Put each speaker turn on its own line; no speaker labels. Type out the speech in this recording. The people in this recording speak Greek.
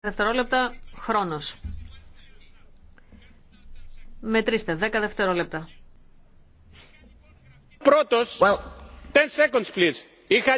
δευτερόλεπτα χρόνος. Μετρήστε, 10
δευτερόλεπτα. Πρώτος, well. 10 seconds please.